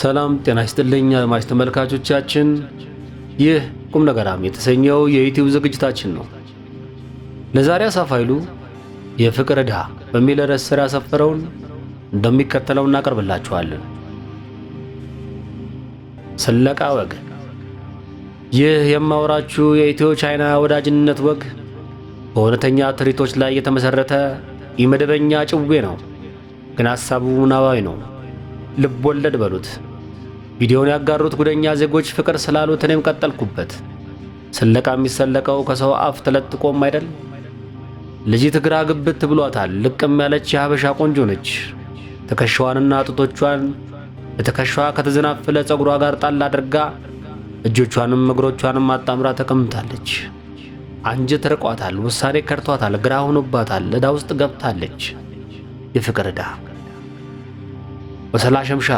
ሰላም ጤና ይስጥልኝ አድማጭ ተመልካቾቻችን፣ ይህ ቁም ነገራም የተሰኘው የዩቲዩብ ዝግጅታችን ነው። ለዛሬ አሳፍ ኃይሉ የፍቅር ድሃ በሚል ርዕስ ስር ያሰፈረውን እንደሚከተለው እናቀርብላችኋለን። ስለቃ ወግ። ይህ የማወራችሁ የኢትዮ ቻይና ወዳጅነት ወግ በእውነተኛ ትርኢቶች ላይ የተመሠረተ ኢመደበኛ ጭዌ ነው፣ ግን ሐሳቡ ምናባዊ ነው። ልብ ወለድ በሉት። ቪዲዮውን ያጋሩት ጉደኛ ዜጎች ፍቅር ስላሉት እኔም ቀጠልኩበት። ስለቃ የሚሰለቀው ከሰው አፍ ተለጥቆም አይደል? ልጅት ግራ ግብት ብሏታል። ልቅም ያለች የሀበሻ ቆንጆ ነች። ትከሻዋንና ጡቶቿን በትከሻዋ ከተዘናፈለ ጸጉሯ ጋር ጣል አድርጋ እጆቿንም እግሮቿንም አጣምራ ተቀምጣለች። አንጀት ርቋታል። ውሳኔ ከርቷታል። ግራ ሆኖባታል። እዳ ውስጥ ገብታለች። የፍቅር ዕዳ ወሰላ ሸምሻ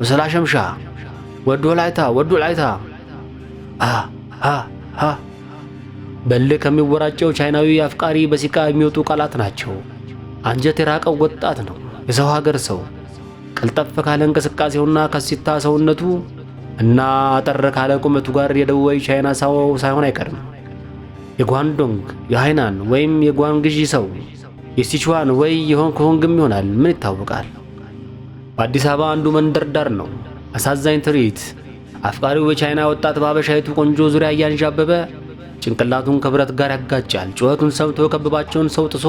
ምስላ ሸምሻ ወዶ ላይታ ወዶ ላይታ በል ከሚወራጨው ቻይናዊ አፍቃሪ በሲቃ የሚወጡ ቃላት ናቸው። አንጀት የራቀው ወጣት ነው፣ የሰው ሀገር ሰው ቀልጠፍ ካለ እንቅስቃሴውና ከሲታ ሰውነቱ እና አጠር ካለ ቁመቱ ጋር የደቡባዊ ቻይና ሰው ሳይሆን አይቀርም። የጓንዶንግ የሃይናን ወይም የጓንግዢ ሰው የሲቹዋን ወይ የሆንግ ኮንግም ይሆናል። ምን ይታወቃል? በአዲስ አበባ አንዱ መንደር ዳር ነው። አሳዛኝ ትርኢት! አፍቃሪው የቻይና ወጣት በአበሻይቱ ቆንጆ ዙሪያ እያንዣበበ ጭንቅላቱን ከብረት ጋር ያጋጫል። ጩኸቱን ሰምቶ የከበባቸውን ሰው ጥሶ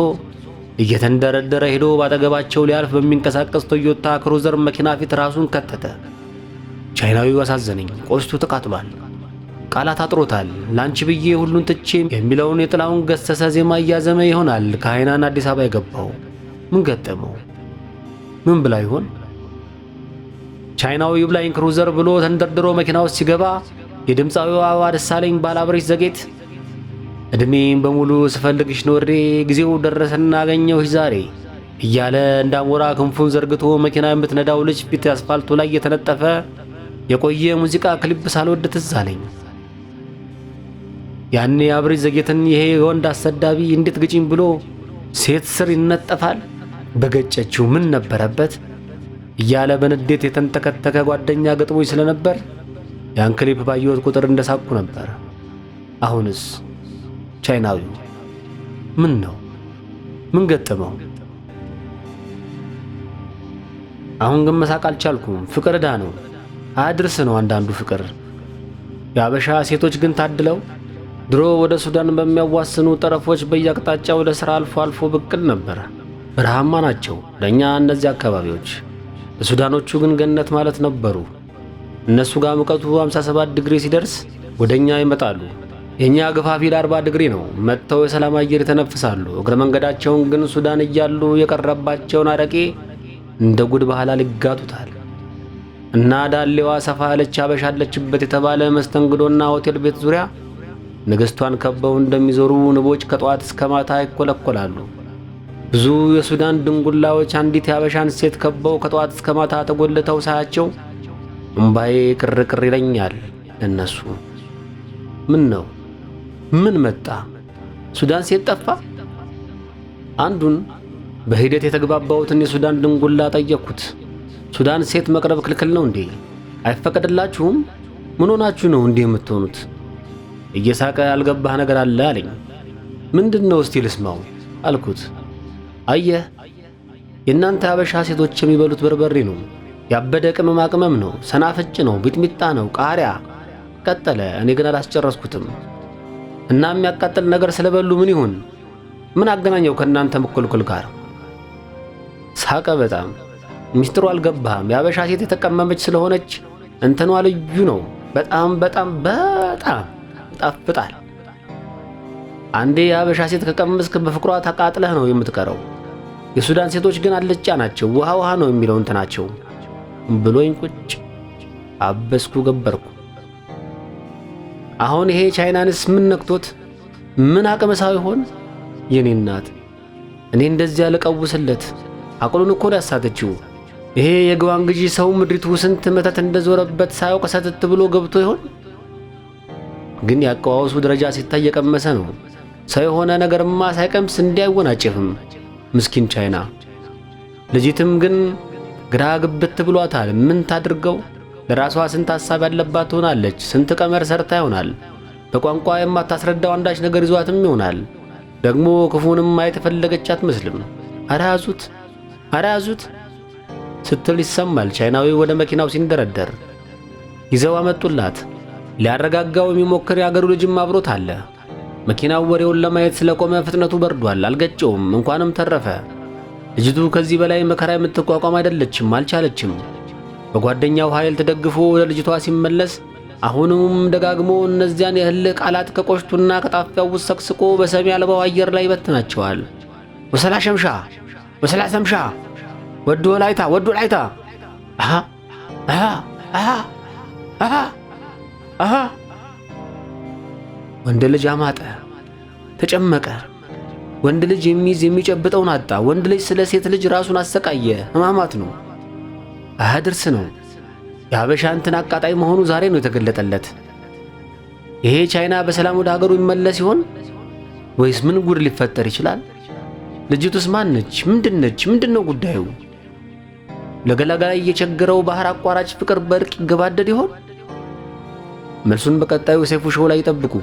እየተንደረደረ ሄዶ ባጠገባቸው ሊያልፍ በሚንቀሳቀስ ቶዮታ ክሩዘር መኪና ፊት ራሱን ከተተ። ቻይናዊው አሳዘነኝ። ቆስቱ ተቃጥሏል። ቃላት አጥሮታል። ላንቺ ብዬ ሁሉን ትቼ የሚለውን የጥላውን ገሰሰ ዜማ እያዘመ ይሆናል ከሃይናን አዲስ አበባ የገባው። ምን ገጠመው? ምን ብላ ይሆን? ቻይናው ዩብላይን ክሩዘር ብሎ ተንደርድሮ መኪና ውስጥ ሲገባ የድምፃዊው አበባ ደሳለኝ ባላብሬሽ ዘጌት እድሜም በሙሉ ስፈልግሽ ኖሬ ጊዜው ደረሰና አገኘሁሽ ዛሬ እያለ እንዳሞራ ክንፉን ዘርግቶ መኪና የምትነዳው ልጅ ፊት አስፋልቱ ላይ የተነጠፈ የቆየ ሙዚቃ ክሊፕ ሳልወድ ትዝ አለኝ። ያኔ አብሬት ዘጌትን ይሄ ወንድ አሰዳቢ እንዴት ግጭኝ ብሎ ሴት ስር ይነጠፋል። በገጨችው ምን ነበረበት? እያለ በንዴት የተንተከተከ ጓደኛ ገጥሞኝ ስለነበር ያን ክሊፕ ባየሁት ቁጥር እንደሳቁ ነበር። አሁንስ ቻይናዊ ምን ነው? ምን ገጠመው? አሁን ግን መሳቅ አልቻልኩም። ፍቅር ዕዳ ነው፣ አያድርስ ነው አንዳንዱ ፍቅር። የአበሻ ሴቶች ግን ታድለው ድሮ ወደ ሱዳን በሚያዋስኑ ጠረፎች በየአቅጣጫው ወደ አልፎ አልፎ ብቅል ነበር። በረሃማ ናቸው ለእኛ እነዚህ አካባቢዎች። ለሱዳኖቹ ግን ገነት ማለት ነበሩ። እነሱ ጋር ሙቀቱ 57 ዲግሪ ሲደርስ ወደ እኛ ይመጣሉ። የእኛ ግፋፊ ለ40 ዲግሪ ነው። መጥተው የሰላም አየር ተነፍሳሉ እግረ መንገዳቸውን ግን ሱዳን እያሉ የቀረባቸውን አረቄ እንደ ጉድ ባህላል ይጋቱታል። እና ዳሌዋ ሰፋ ያለች አበሻለችበት የተባለ መስተንግዶና ሆቴል ቤት ዙሪያ ንግሥቷን ከበው እንደሚዞሩ ንቦች ከጠዋት እስከ ማታ ይኮለኮላሉ። ብዙ የሱዳን ድንጉላዎች አንዲት ያበሻን ሴት ከበው ከጠዋት እስከ ማታ ተጎልተው ሳያቸው እምባዬ ቅርቅር ይለኛል። እነሱ ምን ነው? ምን መጣ? ሱዳን ሴት ጠፋ? አንዱን በሂደት የተግባባሁትን የሱዳን ድንጉላ ጠየቅኩት። ሱዳን ሴት መቅረብ ክልክል ነው እንዴ? አይፈቀድላችሁም? ምን ሆናችሁ ነው እንዲህ የምትሆኑት? እየሳቀ ያልገባህ ነገር አለ አለኝ። ምንድን ነው እስቲ ልስማው አልኩት። አየህ፣ የእናንተ አበሻ ሴቶች የሚበሉት በርበሬ ነው፣ ያበደ ቅመማ ቅመም ነው፣ ሰናፍጭ ነው፣ ሚጥሚጣ ነው፣ ቃሪያ። ቀጠለ። እኔ ግን አላስጨረስኩትም። እና የሚያቃጥል ነገር ስለበሉ ምን ይሁን? ምን አገናኘው ከእናንተ መኮልኮል ጋር? ሳቀ በጣም ሚስጥሩ አልገባህም። የአበሻ ሴት የተቀመመች ስለሆነች እንትኗ ልዩ ነው። በጣም በጣም በጣም ይጣፍጣል። አንዴ የአበሻ ሴት ከቀመስክ በፍቅሯ ተቃጥለህ ነው የምትቀረው። የሱዳን ሴቶች ግን አልጫ ናቸው፣ ውሃ ውሃ ነው የሚለው እንትናቸው ብሎኝ ቁጭ አበስኩ ገበርኩ። አሁን ይሄ ቻይናንስ ምን ነክቶት ምን አቅመሳው ይሆን? የኔ እናት እኔ እንደዚያ ልቀውስለት አቅሉን እኮ ያሳተችው ይሄ የግዋን ግዢ ሰው ምድሪቱ ስንት መተት እንደዞረበት ሳያውቅ ሰትት ብሎ ገብቶ ይሆን? ግን ያቀዋውሱ ደረጃ ሲታይ የቀመሰ ነው። ሰው የሆነ ነገርማ ሳይቀምስ እንዲህ ምስኪን ቻይና ልጅትም ግን ግራ ግብት ብሏታል። ምን ታድርገው? ለራሷ ስንት ሐሳብ ያለባት ትሆናለች። ስንት ቀመር ሰርታ ይሆናል። በቋንቋ የማታስረዳው አንዳች ነገር ይዟትም ይሆናል። ደግሞ ክፉንም ማየት የፈለገች አትመስልም። ኧረ ያዙት፣ ያዙት ስትል ይሰማል። ቻይናዊ ወደ መኪናው ሲንደረደር ይዘው አመጡላት። ሊያረጋጋው የሚሞክር የአገሩ ልጅም አብሮት አለ። መኪናው ወሬውን ለማየት ስለቆመ ፍጥነቱ በርዷል። አልገጨውም፣ እንኳንም ተረፈ። ልጅቱ ከዚህ በላይ መከራ የምትቋቋም አይደለችም፣ አልቻለችም። በጓደኛው ኃይል ተደግፎ ወደ ልጅቷ ሲመለስ አሁንም ደጋግሞ እነዚያን የህል ቃላት ከቆሽቱና ከጣፊያው ውስጥ ሰቅስቆ በሰሚ አልባው አየር ላይ ይበትናቸዋል። ወሰላ ሸምሻ ወሰላ ሸምሻ ወዶ ላይታ ወዶ ላይታ አሃ አሃ አሃ አሃ አሃ ወንድ ልጅ አማጠ፣ ተጨመቀ። ወንድ ልጅ የሚይዝ የሚጨብጠውን አጣ። ወንድ ልጅ ስለ ሴት ልጅ ራሱን አሰቃየ። ሕማማት ነው፣ አህድርስ ነው። የአበሻ እንትን አቃጣይ መሆኑ ዛሬ ነው የተገለጠለት። ይሄ ቻይና በሰላም ወደ ሀገሩ ይመለስ ይሆን ወይስ ምን ጉድ ሊፈጠር ይችላል? ልጅቱስ ማን ነች? ምንድን ምንድነው ጉዳዩ? ለገላጋይ እየቸገረው ባህር አቋራጭ ፍቅር በእርቅ ይገባደድ ይሆን? መልሱን በቀጣዩ ሰይፉ ሾው ላይ ይጠብቁ።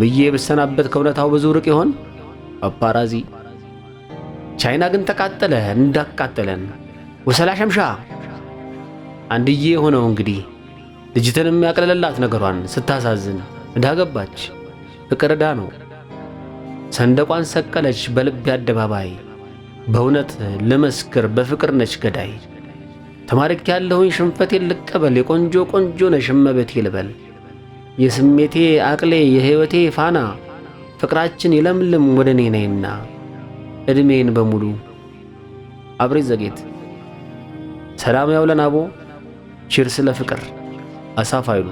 ብዬ ብሰናበት ከእውነታው ብዙ ርቅ ይሆን? አፓራዚ ቻይና ግን ተቃጠለ እንዳቃጠለን ወሰላ ሸምሻ አንድዬ የሆነው እንግዲህ ልጅትንም ያቅለለላት ነገሯን ስታሳዝን እንዳገባች ገባች። ፍቅር ዕዳ ነው። ሰንደቋን ሰቀለች በልቤ አደባባይ። በእውነት ልመስክር በፍቅር ነች ገዳይ። ተማርክ ያለሁኝ ሽንፈቴን ልቀበል የቆንጆ ቆንጆ ነሽ እመቤቴ ልበል። የስሜቴ አቅሌ የሕይወቴ ፋና ፍቅራችን ይለምልም ወደ እኔ ነይና ዕድሜን በሙሉ አብሬ ዘጌት ሰላም ያውለን አቦ ቺር ለፍቅር አሳፍ አይሉ